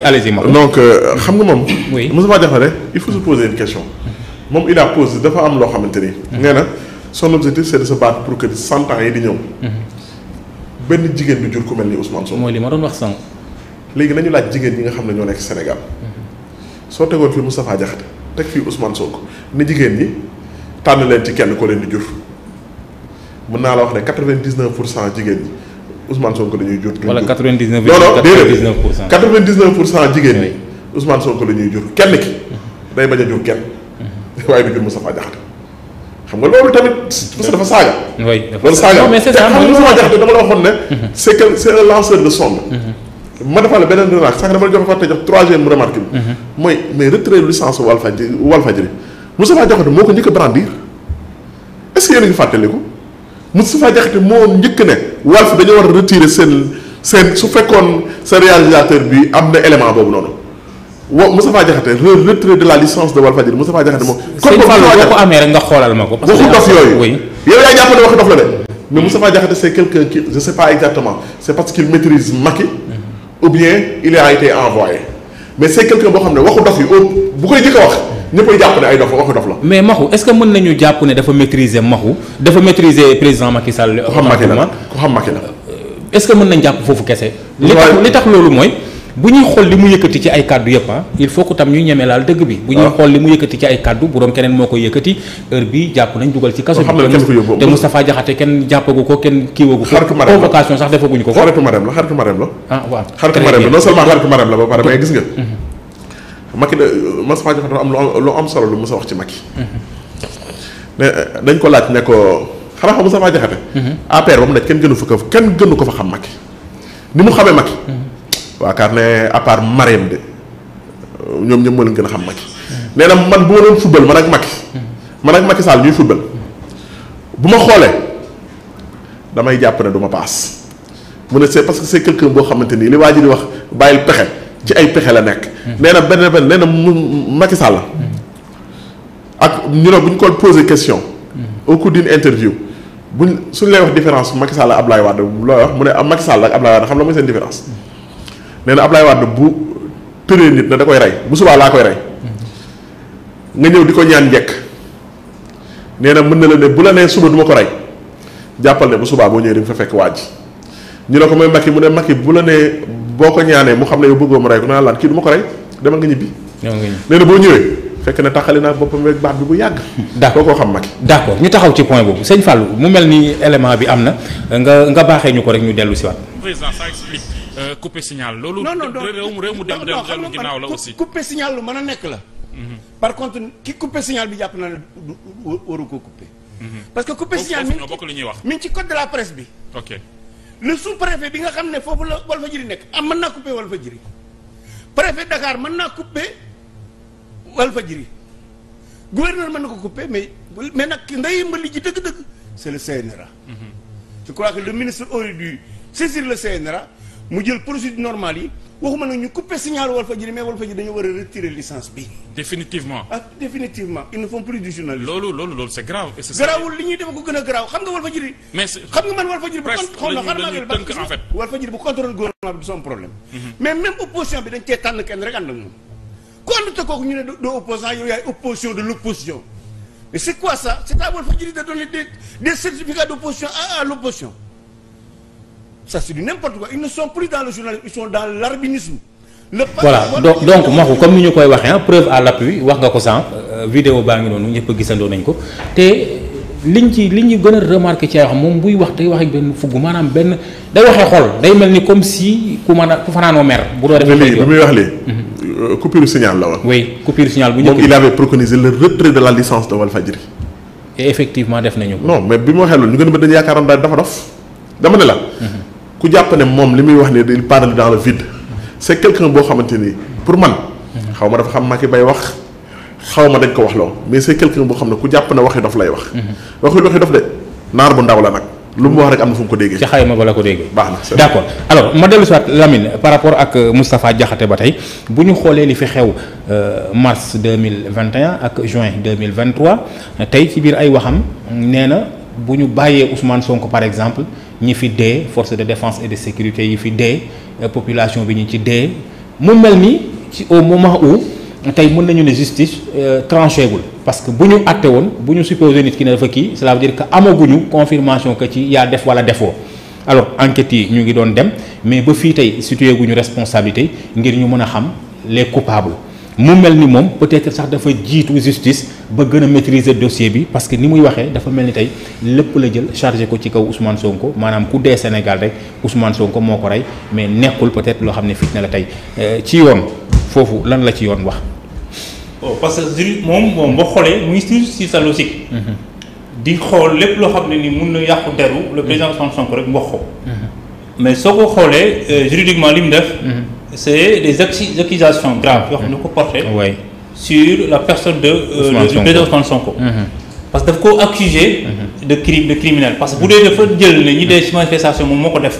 allez-y Maodo donc euh, xam nga moom. oui Moustapha Diakhaté il faut se poser question moom il a posé dafa am loo xamante ni. Mhm. nee na son objectif c' est de se pour que cent ans yi di ñëw. Mhm. benn jigéen du jur ku mel ni Ousmane Sonko. mooy li ma wax sànq. léegi nañu laaj jigéen ñi nga xam ne ñoo nekk senegal mhm. soo tegoon fii Moustapha Diakhaté teg fii Ousmane Sonko ne jigéen ñi tànn leen ci kenn ko leen di jur mun naa la wax ne quatre vingt dix pour cent jigéen ñi. Ousmane Sonko la ñuy jur. wala 99 non non déedéet pour cent jigéen ñi Ousmane Sonko la ñuy jur kenn ki mhm. day bañ a jur kenn mhm. waaye du jur Moustapha Diakhaté xam tamit parce que dafa saaga. oui dafa saaga mais c'est ça Moustapha Diakhaté dama la waxoon ne. Mhm. c'est que c'est un lanceur de sonde. ma defal beneen remarque sax dama la jox fàtte jox troisième remarque bi. mooy mais retrait licence Walfadjri Walfadjri Moustapha Diakhaté moo ko njëkk a brandir est-ce que yéen a ngi fàttaliku. Moustapha Diakhaté moo njëkk ne Walf dañoo war a retirer seen seen su fekkoon sa réalisateur bi am na élément boobu noonu wa Moustapha Diakhaté le retrait de la licence de Walfadjri Moustapha Diakhaté moom. kon boo ko amee rek nga xoolal ma ko. parce que waxu dof yooyu. yow yaa jàpp ne waxu mais Moustapha Diakhaté mhm. ou bien il a été envoyé mais c' est boo xam ne waxu dof yi bu koy njëkk a wax. ñëppay jàpp ne ay dof waxu dof la. mais maxu est-ce que mën nañu jàpp ne dafa maîtriser maxu dafa maîtriser président Macky Sall. ku xam Macky la euh, jàpp foofu kese. li tax li tax loolu mooy. bu ñuy xool li mu yëkkati ci ay kàddu yëpp ah il faut que tam ñu ñeme laal dëgg bi. bu ñuy xool li mu yëkkati ci ay kàddu bu keneen moo koy yëkkati heure bi jàpp nañ dugal ci kaso bi. te Moustapha Diakhaté kenn jàppagu ko kenn kiiwagu ko. ko xaritu marem la xaritu marem Macky da Moustapha Diakhaté dafa am lu lu am solo lu mës a wax ci Macky. dañ ko laaj ne ko xanaa xam Moustapha Diakhaté. Mhm. APR ba mu nekk kenn gënu fukk kenn gënu ko fa xam Macky ni mu xamee Macky. Mhm. waakaar ne à part de ñoom ñoom moo leen gën a xam Macky. nee na man bu ma doon football man ak Macky. Mhm. man ak Macky Sall ñuy football. bu ma xoolee damay jàpp ne du ma paas mu ne c'est parce que c'est quelqu'un boo xamante ni li waa ji di wax bàyyil pexe. ci ay pexe la nekk. Hmm. nee na benn benn nee na Macky Sall hmm. ak ñu ne bu ñu ko question. Hmm. au cours d'une interview buñ suñ lay wax différence Macky Sall ak Abdoulaye Wade looy wax mu ne ah Macky Sall ak Abdoulaye Wade xam la mooy seen différence. nee na Abdoulaye Wade bu tëree nit na da koy rey bu subaa laa koy rey. nga ñëw di ko ñaan njekk nee na mën na la ne bu la nee suba du ma ko rey jàppal ne bu subaa boo ñëwee di nga fa fekk waa ji ñu ne ko mooy Macky mu ne Macky bu la nee. boo ko ñaanee mu xam ne yow bëggoo mu rey ko naa laan kii du ko rey demal nga ñibbi. nee na boo ñëwee. fekk na taxali naa boppam baat bi bu yàgg. d'accord koo xam mag d'accord ñu taxaw ci point boobu sëñ Fallou mu mel ni élément bi am na nga nga baaxee ñu ko rek ñu dellu si waat. président ça explique euh, loolu. non non réew mu réew mu dem la aussi couper signal lu mën a nekk la. Mhm. par contre ki couper signal bi jàpp na ne waru ko couper. Mhm. parce que couper signal mi ci code de la presse bi. le sous-préfet bi nga xam ne foofu la Walfadjri nekk am ah, mën naa couper Walfadjri préfet Dakar mën naa fa Walfadjri gouverneur mën na ko couper mais mais nag ki ndey mbali ji dëgg-dëgg c'est le CNRA. Mm -hmm. je que le ministre aurait dû saisir le CNRA mu jël procédure normale yi. waxuma nag ñu couper signal Walfadjri mais Walfadjri dañoo war a retirer licence bi. définitivement. ah définitivement ils plus du journalisme. loolu loolu loolu c'est grave. et li ñuy def ko gën a garaaw xam nga Walfadjri. mais xam nga man Walfadjri. presque la ñuy bu Walfadjri bu bi du problème. Mhm. mais même opposition bi dañ cee tànn kenn rek ànd ak moom. ku àndut kooku ñu ne doo opposant yow yaay opposition de l'opposition mais c'est quoi ça c'est ça c'est du n'importe quoi ils ne sont plus dans le donc donc Mokhou comme ni ñu koy waxee ah preuve à l'appui wax nga ko sànq. Euh, vidéo baa ngi noonu ñëpp gisandoo nañ ko te liñ ci liñ ñu gën a remarqué ci ay wax moom buy wax day wax ak benn fugg maanaam benn day waxee xol day mel ni comme si ku mën a ku fanaanoo mer. bu doon defee bi muy wax lii. Mhm. Euh, coupure signal la woon. oui coupure signal bu njëkk moom de la licence de Walfadjri. et effectivement bi mu waxee loolu ñu gën a dañu yaakaaroon dafa dof dama ne la. Mhm. ku jàpp ne moom li muy wax ne il parle dans le vide c' est quelqu'un boo xamante ni pour man. xaw ma dafa xam i bay wax xaw ma dañ ko wax loo mais c' est quelqu'un boo xam ne ku jàpp ne waxi daf lay wax. Mhm. waxi waxi dof de naar bu ndaw la nag. lu mu wax rek am na fu mu ko déggee. ci ma ba la ko déggee. baax na d' accord alors ma dellu si waat Lamine par rapport ak euh, Moustapha Diakhaté ba tey bu ñu xoolee li fi xew euh, mars deux mille vingt et un ak juin deux mille vingt trois tey ci biir ay waxam nee na bu ñu bàyyee Ousmane Sonko par exemple. ñi fi dee force de défense et de sécurité yi fi dee euh, population bi ñu ci dee mu mel ni ci au moment où tey mën nañu ne justice euh, tranché gul parce que bu ñu àtte woon bu ñu supposé nit ki ne dafa kii cela veut dire que amaguñu confirmation que ci yaa def wala defoo alors enquêtes yi ñu ngi doon dem mais ba fii tey situé guñu responsabilité ngir ñu mën a xam les coupables. mu mel ni moom peut sax dafa jiitu justice ba gën a maîtriser dossier bi parce que ni muy waxee dafa mel ni tey lépp la jël chargé ko ci kaw Ousmane Sonko maanaam ku dee Sénégal rek Ousmane Sonko moo ko rey mais nekkul peut loo xam ne fitna la tey euh, ci yoon foofu lan la ci yoon wax. oh parce que jur moom moom boo xoolee muy sur si sa logique. Mm-hmm. di xool lépp loo xam ne ni mun na yàqu deru le président Ousmane Sonko rek mboq ko. Mm-hmm. mais soo ko xoolee euh, juridiquement li c'est des accusations graves yoo xam ne ko porté sur la personne de euh, le président Ousmane Sonko mm-hmm. parce que daf ko accusé mm-hmm. de criminel parce que bu dee dafa jël ne ñi dee ci mm-hmm. manifestation moom moo ko def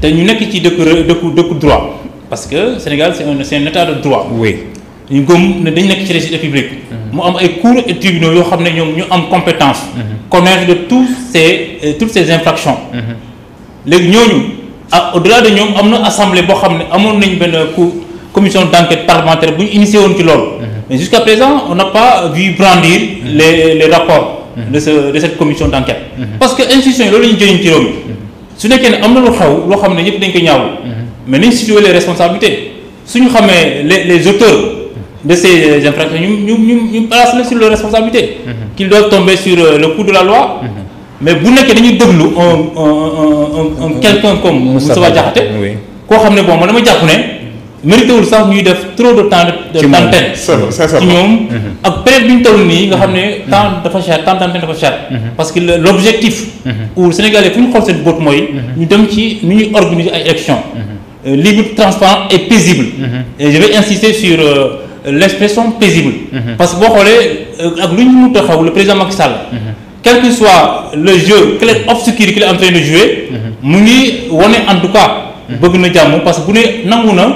te ñu nekk ci dëkk dëkku dëkku droit parce que Sénégal c'est un c'est un de droit ñu gëm ne dañ nekk ci récité publique am ay cours et tribunaux yoo xam ne ñoom ñu am compétence connaître de tous ces euh, toutes ces infractions léegi ñooñu ah au delà de ñoom am na assemblée boo xam ne amoon nañ benn commission d' enquête parlementaire bu ñu initié woon ci loolu. Mhm. mais jusqu' à présent on n' a pas brandir mhm. les les rapports. Mhm. de ce de cette commission d' enquête. parce que institution yi loolu la ñu jëriñ ci réew mi. su nekkee ne am na lu xew loo xam ne ñëpp dañ ko ñaawul. mais nañ situer le responsabilités su ñu xamee les les auteurs. de ces infractions ñu ñu ñu ñu place la sur les responsabilités. qu'ils doivent tomber euh, le coup de la loi. mais bu nekkee dañuy déglu un un un quelqu'un comme Moustapha koo xam ne bon ma dama jàpp ne mérité wul sax ñuy def trop de temps de d'antenne ci ñoom mhm. ak période bi ñu toll nii nga xam ne mhm. temps dafa cher temps d'antenne dafa cher mhm. parce que l'objectif pour Sénégalais fu ñu xool seen bopp mooy ñu dem ci nu ñuy organiser ay élections euh, libre transparent et paisible et je vais insister sur euh, l'expression paisible parce que boo xoolee euh, ak lu ñu mënta xaw le président Macky Sall quel que soit le jeu clair obscur qu'il est de jouer mu ngi wone en tout cas bëgg na jàmm parce que bu ne nangu na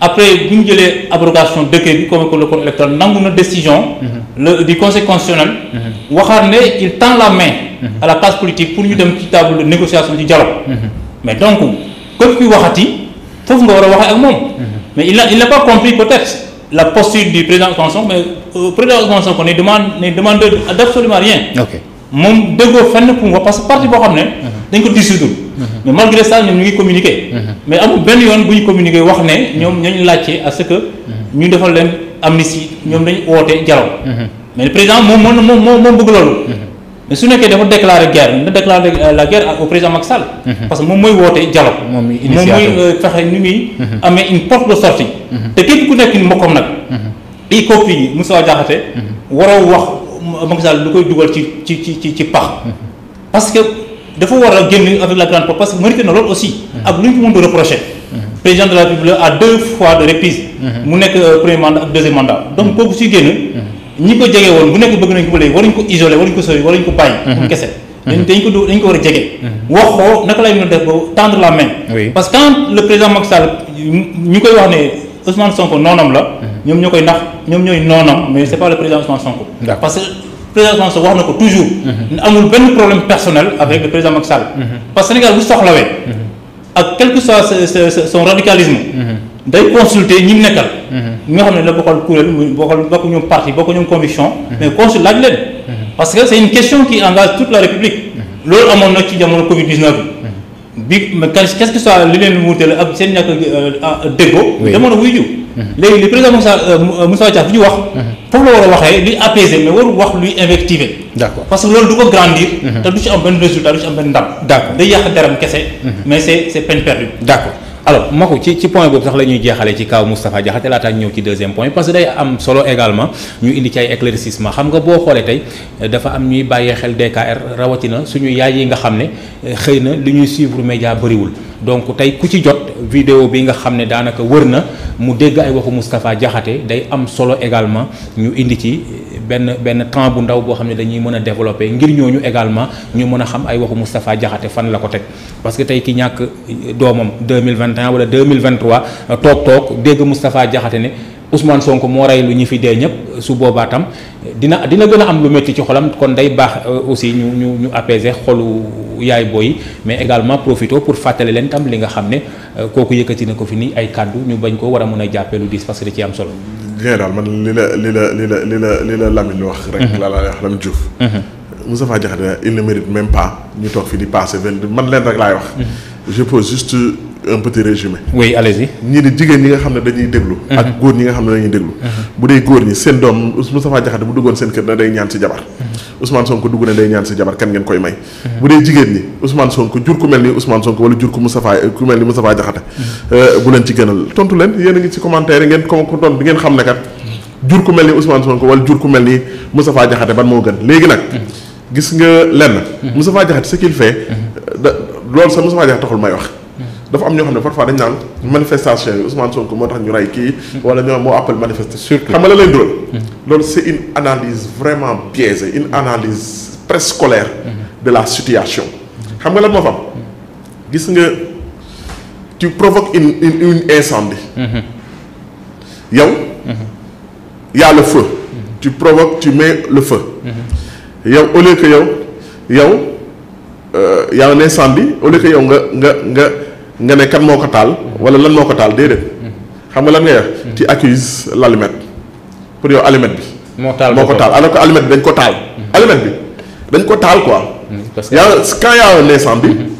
après bu ñu jëlee abrogation décret bi comme que le code électoral nangu na décision le du conseil constitutionnel waxaat ne il tend la main à la classe politique pour ñu dem ci table de négociation di dialogue mais donc képp kuy waxati foofu nga war a waxee ak moom mais il n'a il n'a pas compris peut-être la posture du président Ousmane Sonko mais président Ousmane Sonko demande demande absolument rien moom déggoo fenn pour nga parce que parti boo xam ne. Mhm. dañ ko dissoudre. Mhm. mais malgré ça ñoom ngi communiqué. Mhm. mais amul benn yoon bu ñu communiqué wax ne ñoom ñoo ñu laajte à ce que. ñu defal leen am ni amnistie ñoom dañu woote dialogue. mais le président moom moo moom moo moom bëgg loolu. su nekkee dafa déclarer guerre na déclarer euh, la guerre au président Macky Sall. parce que moom mooy woote dialogue. moom mooy euh, fexe ñu ngi. amee une porte de sortie. te képp ku nekk ni mbokkam nag. i copie yi Moussa Diakhaté waroo wax. Macky lu koy dugal ci ci ci pax parce dafa war a génn avec la grande porte parce que mérité na loolu aussi ak lu ñu ko mën di reprocher président de la République à deux fois de reprise mu nekk euh, premier mandat deuxième mandat donc kooku si génn ñi ko jege woon bu nekk bëgg nañ ko ba léegi waruñ ko isolé waruñ ko sori waruñ ko bàyyi pour mhm. kese mhm. dañ dañ ko dañ ko war a jege mhm. waxoo naka lay mën a def ba tendre la main parce que le président Ousmane Sonko noonam la. Mhm. ñoom ñoo koy nax ñoom ñooy noonam mais c'est pas le président Ousmane Sonko. parce que président Ousmane Sonko wax na ko toujours. Mhm. amul benn problème personnel avec mhm. parce que Sénégal bu soxlawee. ak quel que soit son radicalisme. ñi mu nekkal. nga xam ne la bokkal kuréel muy bokk ñoom parti bokk ñoom conviction. mais consul laaj leen. parce que c'est une question qui engage toute la République. loolu amoon na ci jamono Covid 19 bi mais qu'est-ce que ça li leen wuutale ak seen ñàkk euh, déggoo. demoon na wuy jiw. léegi li président Moussa Moussa Dia fi ñu wax. Mhm. foofu la war a waxee luy apaiser mais warul wax luy invectiver. d'accord parce que loolu du ko grandir. Mhm. te du ci am benn résultat du ci am benn ndam. d'accord day yàq deram kese. Mhm. mais c'est c'est peine perdue. alors Makhou ci ci point boobu sax la ñuy jeexale ci kaw Moustapha Diakhaté laataa ñëw ci deuxième point parce que day am solo également ñu indi ci ay éclaircissement xam nga boo xoolee tey euh, dafa am ñuy bàyyee xel DKR rawatina suñu yaay yi nga xam ne euh, xëy na li ñuy suivre média bëriwul donc tey ku ci jot vidéo bi nga xam ne daanaka wër na mu dégg ay waxu Moustapha Diakhaté day am solo également ñu indi ci benn benn temps bu ndaw boo xam ne dañuy mën a développer ngir ñooñu également ñu mën a xam ay waxu Moustapha Diakhaté fan la ko teg parce que tey ki ñàkk doomam 2021 wala 2023 toog toog dégg Moustapha Diakhaté ne Ousmane Sonko moo rey lu ñu fi dee ñëpp su boobaa tam dina dina gën a am lu métti ci xolam kon day baax euh, aussi ñu ñu ñu apaiser xolu yaay booy mais également profito pour fàttale leen tam li nga xam ne euh, kooku yëkkati na ko fi ni ay kàddu ñu bañ ko war a mën a jàppee lu diis parce que ci am solo. général man li la li la li la li la li la Lamine wax. rek mhm. la la wax Lamine mhm. il ne mérite même pas ñu toog fi di passé man leen rek laay wax. Mhm. je pose juste. un petit résumé. oui allez-y. ñii di jigéen ñi nga xam ne dañuy déglu. Mhm. ak góor ñi nga xam ne dañuy déglu. Mhm. bu dee góor ñi seen doom Moustapha Diakhaté bu duggoon seen kër na day ñaan si jabar. Mhm. Ousmane Sonko dugg na day ñaan si jabar kan koy may. bu dee jigéen ñi Ousmane Sonko jur ku mel ni Ousmane Sonko wala jur ku Moustapha ku mel ni Moustapha Diakhaté. Euh, bu leen yéen a ngi ci commentaire yi ngeen ko ko tontu ne kat jur ku mel ni Ousmane Sonko wala jur mel ni Moustapha Diakhaté ban moo gën léegi nag gis nga lenn Moustapha Diakhaté ce qu'il fait da loolu sax Moustapha Diakhaté taxul may wax dafa am ñoo xam ne parfois dañ naan manifestation yi Ousmane Sonko moo tax ñu rey kii. wala ñoo moo appel manifester surtout. xam nga la lay dugal. Mm-hmm. loolu c' une analyse vraiment biaisée une analyse préscolaire mm-hmm. de la situation. xam nga lan moo fa am. gis nga tu provoques une une incendie. Mm-hmm. yow. y a le feu. tu provoques tu mets le feu. yow au lieu que yow yow euh, y a un incendie au lieu que nga nga. nga ne kan moo ko taal wala lan moo ko taal déedéet xam nga lan ngay wax ci accuse l'allumette pour yow allumette bi moo ko taal alors que allumette bi dañ ko taal mm-hmm. allumette bi dañ ko taal quoi mm-hmm. yaa quand yaa un bi